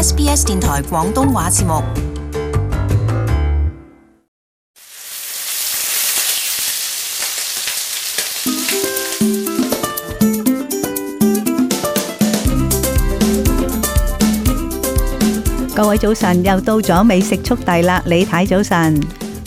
SBS 電台廣東話節目。各位早晨，又到咗美食速遞啦！李太早晨，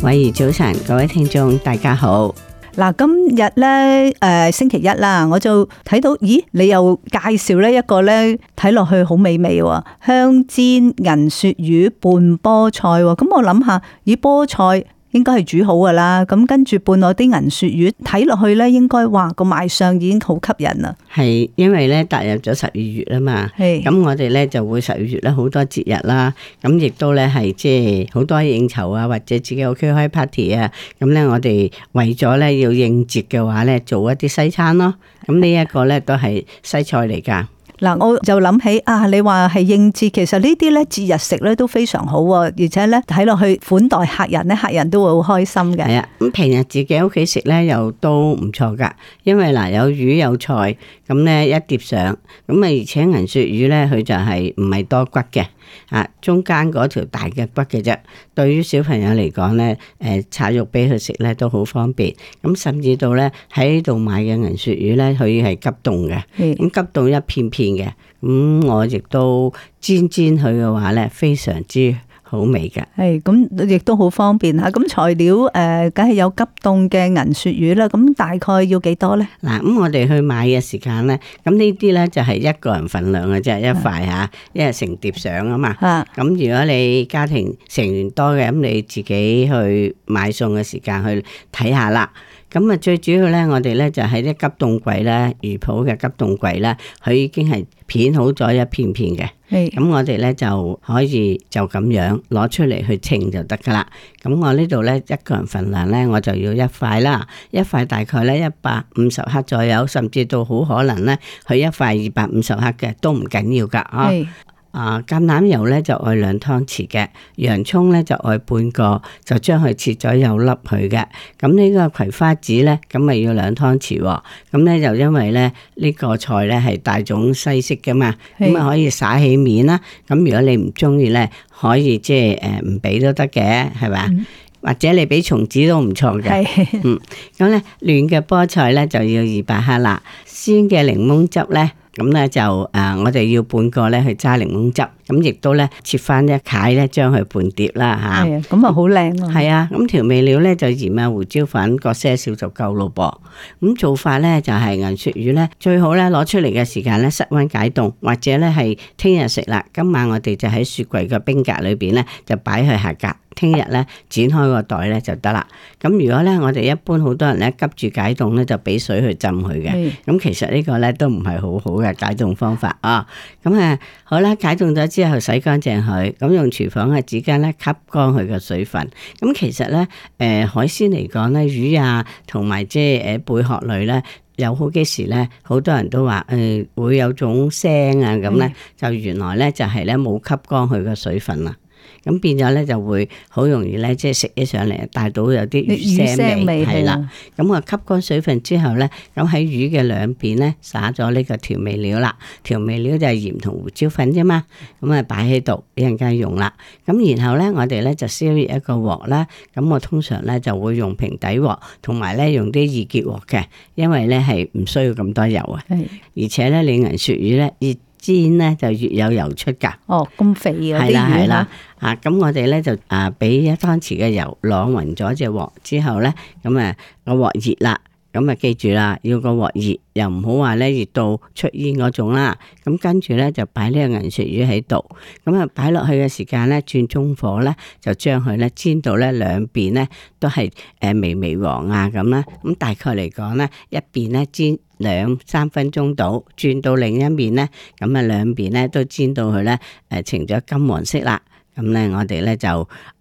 偉如早晨，各位聽眾大家好。嗱，今日呢、呃、星期一啦，我就睇到，咦，你又介紹呢一個呢，睇落去好美味喎，香煎銀鱈魚拌菠菜喎，咁我諗下，咦，菠菜，嗯應該係煮好噶啦，咁跟住伴落啲銀鱈魚睇落去咧，應該話，個賣相已經好吸引啦。係因為咧踏入咗十二月啊嘛，咁是我哋咧就會十二月咧好多節日啦，咁亦都咧係即係好多應酬啊，或者自己屋企開 party 啊，咁咧我哋為咗咧要應節嘅話咧，做一啲西餐咯，咁呢一個咧都係西菜嚟噶。嗱，我就諗起啊，你話係應節，其實呢啲咧節日食咧都非常好喎，而且咧睇落去款待客人咧，客人都會好開心嘅。係啊。咁平日自己屋企食咧又都唔錯㗎，因為嗱有魚有菜，咁咧一碟上，咁啊而且銀鱈魚咧佢就係唔係多骨嘅，啊中間嗰條大嘅骨嘅啫。對於小朋友嚟講咧，誒拆肉俾佢食咧都好方便。咁甚至到咧喺呢度買嘅銀鱈魚咧，佢係急凍嘅，咁急凍一片片。嘅咁我亦都煎煎佢嘅話咧，非常之好味嘅。係咁，亦都好方便吓。咁材料誒，梗係有急凍嘅銀鱈魚啦。咁大概要幾多咧？嗱，咁我哋去買嘅時間咧，咁呢啲咧就係一個人份量嘅啫，一塊吓，因為成碟上啊嘛。咁如果你家庭成員多嘅，咁你自己去買餸嘅時間去睇下啦。咁啊，最主要咧，我哋咧就喺、是、啲急凍櫃咧，魚鋪嘅急凍櫃咧，佢已經係片好咗一片片嘅。咁是我哋咧就可以就咁樣攞出嚟，去稱就得噶啦。咁我呢度咧一個人份量咧，我就要一塊啦，一塊大概咧一百五十克左右，甚至到好可能咧，佢一塊二百五十克嘅都唔緊要噶是啊。啊，橄欖油咧就愛兩湯匙嘅，洋蔥咧就愛半個，就將佢切咗又粒佢嘅。咁呢個葵花籽咧，咁咪要兩湯匙。咁咧就因為咧呢、這個菜咧係大種西式嘅嘛，咁啊可以撒起面啦。咁如果你唔中意咧，可以即係誒唔俾都得嘅，係、呃、咪？嗯、或者你俾松子都唔錯嘅。 嗯，咁咧嫩嘅菠菜咧就要二百克啦。鮮嘅檸檬汁咧。咁咧就我哋要半個咧去揸檸檬汁，咁亦都咧切翻一塊咧，將佢半碟啦嚇。咁的、嗯、啊，好靚啊！係啊，咁調味料咧就鹽啊、胡椒粉各些少就夠咯噃。咁做法咧就係銀鱈魚咧，最好咧攞出嚟嘅時間咧室溫解凍，或者咧係聽日食啦。今晚我哋就喺雪櫃嘅冰格裏面咧就擺佢下格。聽日咧剪開個袋咧就得啦。咁如果咧，我哋一般好多人咧急住解凍咧，就俾水去浸佢嘅。咁其實呢個咧都唔係好好嘅解凍方法啊。咁、哦、啊，好啦，解凍咗之後洗乾淨佢，咁用廚房嘅紙巾咧吸乾佢嘅水分。咁其實咧，誒、呃、海鮮嚟講咧，魚啊同埋即係誒貝殼類咧，有好幾時咧，好多人都話誒、呃、會有種腥啊咁咧，是就原來咧就係咧冇吸乾佢嘅水分啊。咁變咗咧就會好容易咧，即係食起上嚟帶到有啲魚腥味，係啦。咁啊了，吸乾水分之後咧，咁喺魚嘅兩邊咧灑咗呢個調味料啦。調味料就係鹽同胡椒粉啫嘛。咁啊擺喺度俾人家用啦。咁然後咧，我哋咧就燒熱一個鑊啦。咁我通常咧就會用平底鑊，同埋咧用啲易結鑊嘅，因為咧係唔需要咁多油啊。的而且咧，你銀鱈魚咧。煎咧就越有油出噶哦，咁肥啊，係啦，係啦，啊，咁、嗯、我哋咧就啊俾一湯匙嘅油撈勻咗隻鑊之後咧，咁、那、啊個鑊熱啦。咁咪記住啦，要個鑊熱，又唔好話咧熱到出煙嗰種啦。咁跟住咧就擺呢個銀鱈魚喺度，咁啊擺落去嘅時間咧轉中火咧，就將佢咧煎到咧兩邊咧都係誒微微黃啊咁啦。咁大概嚟講咧，一邊咧煎兩三分鐘到，轉到另一面咧，咁啊兩邊咧都煎到佢咧誒呈咗金黃色啦。咁咧我哋咧就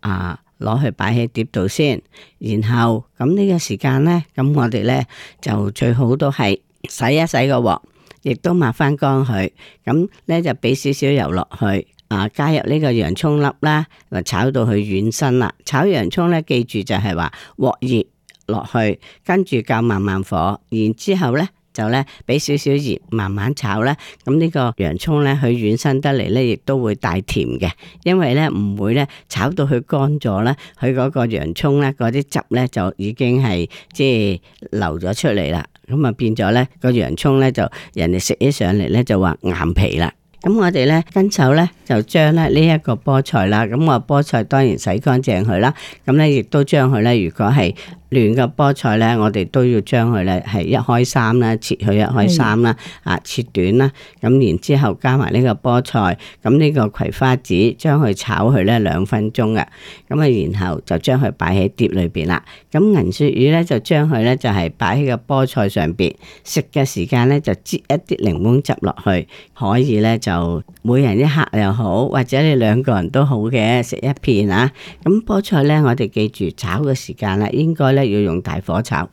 啊。呃攞去擺喺碟度先，然後咁呢個時間呢，咁我哋呢就最好都係洗一洗個鑊，亦都抹翻乾佢。咁呢就俾少少油落去，啊加入呢個洋葱粒啦，話炒到佢軟身啦。炒洋葱呢，記住就係話鑊熱落去，跟住較慢慢火，然之後呢。就咧俾少少熱慢慢炒啦，咁呢個洋葱咧佢軟身得嚟咧，亦都會帶甜嘅，因為咧唔會咧炒到佢乾咗咧，佢嗰個洋葱咧嗰啲汁咧就已經係即係流咗出嚟啦，咁啊變咗咧個洋葱咧就人哋食起上嚟咧就話硬皮啦。咁我哋咧跟手咧就將咧呢一個菠菜啦，咁個菠菜當然洗乾淨佢啦，咁咧亦都將佢咧如果係。嫩嘅菠菜咧，我哋都要將佢咧係一開三啦，切佢一開三啦，的啊，切短啦，咁然之後加埋呢個菠菜，咁、這、呢個葵花籽將佢炒佢咧兩分鐘啊，咁啊然後就將佢擺喺碟裏邊啦。咁銀鱈魚咧就將佢咧就係擺喺個菠菜上邊，食嘅時間咧就擠一啲檸檬汁落去，可以咧就每人一客又好，或者你兩個人都好嘅食一片啊。咁菠菜咧我哋記住炒嘅時間啦，應該咧。要用大火炒，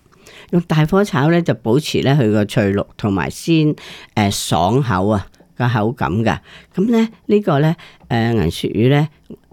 用大火炒咧就保持咧佢個翠綠同埋鮮誒爽口啊個口感噶。咁咧呢、這個咧誒銀鱈魚咧，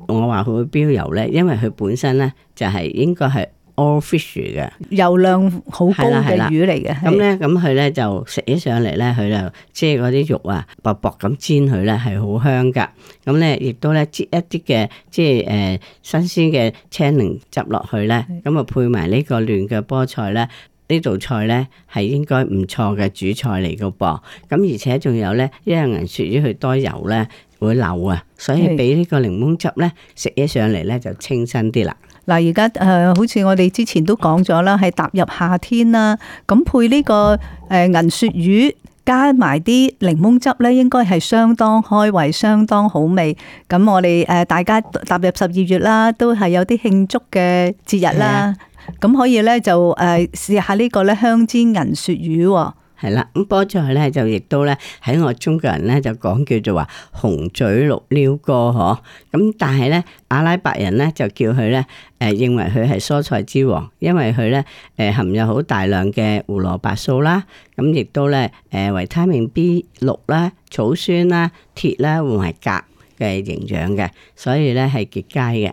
我話佢會標油咧，因為佢本身咧就係、是、應該係。all fish 嘅油量好高嘅魚嚟嘅，咁咧咁佢咧就食起上嚟咧，佢就即係嗰啲肉啊，啊啊肉薄薄咁煎佢咧係好香噶。咁咧亦都咧擠一啲嘅即係誒、呃、新鮮嘅青檸汁落去咧，咁啊就配埋呢個嫩嘅菠菜咧，呢道菜咧係應該唔錯嘅主菜嚟嘅噃。咁而且仲有咧，因為銀鱈魚佢多油咧會流啊，所以俾呢個檸檬汁咧食起上嚟咧就清新啲啦。嗱，而家好似我哋之前都講咗啦，係踏入夏天啦，咁配呢個誒銀雪魚，加埋啲檸檬汁咧，應該係相當開胃、相當好味。咁我哋大家踏入十二月啦，都係有啲慶祝嘅節日啦，咁 Yeah. 可以咧就誒試下呢個香煎銀雪魚喎。係啦，咁菠菜佢咧，就亦都咧喺我中國人咧就講叫做話紅嘴綠鷯哥嗬，咁但係咧阿拉伯人咧就叫佢咧誒，認為佢係蔬菜之王，因為佢咧誒含有好大量嘅胡蘿蔔素啦，咁亦都咧誒維他命 B 六啦、草酸啦、鐵啦，同埋鉀嘅營養嘅，所以咧係極佳嘅。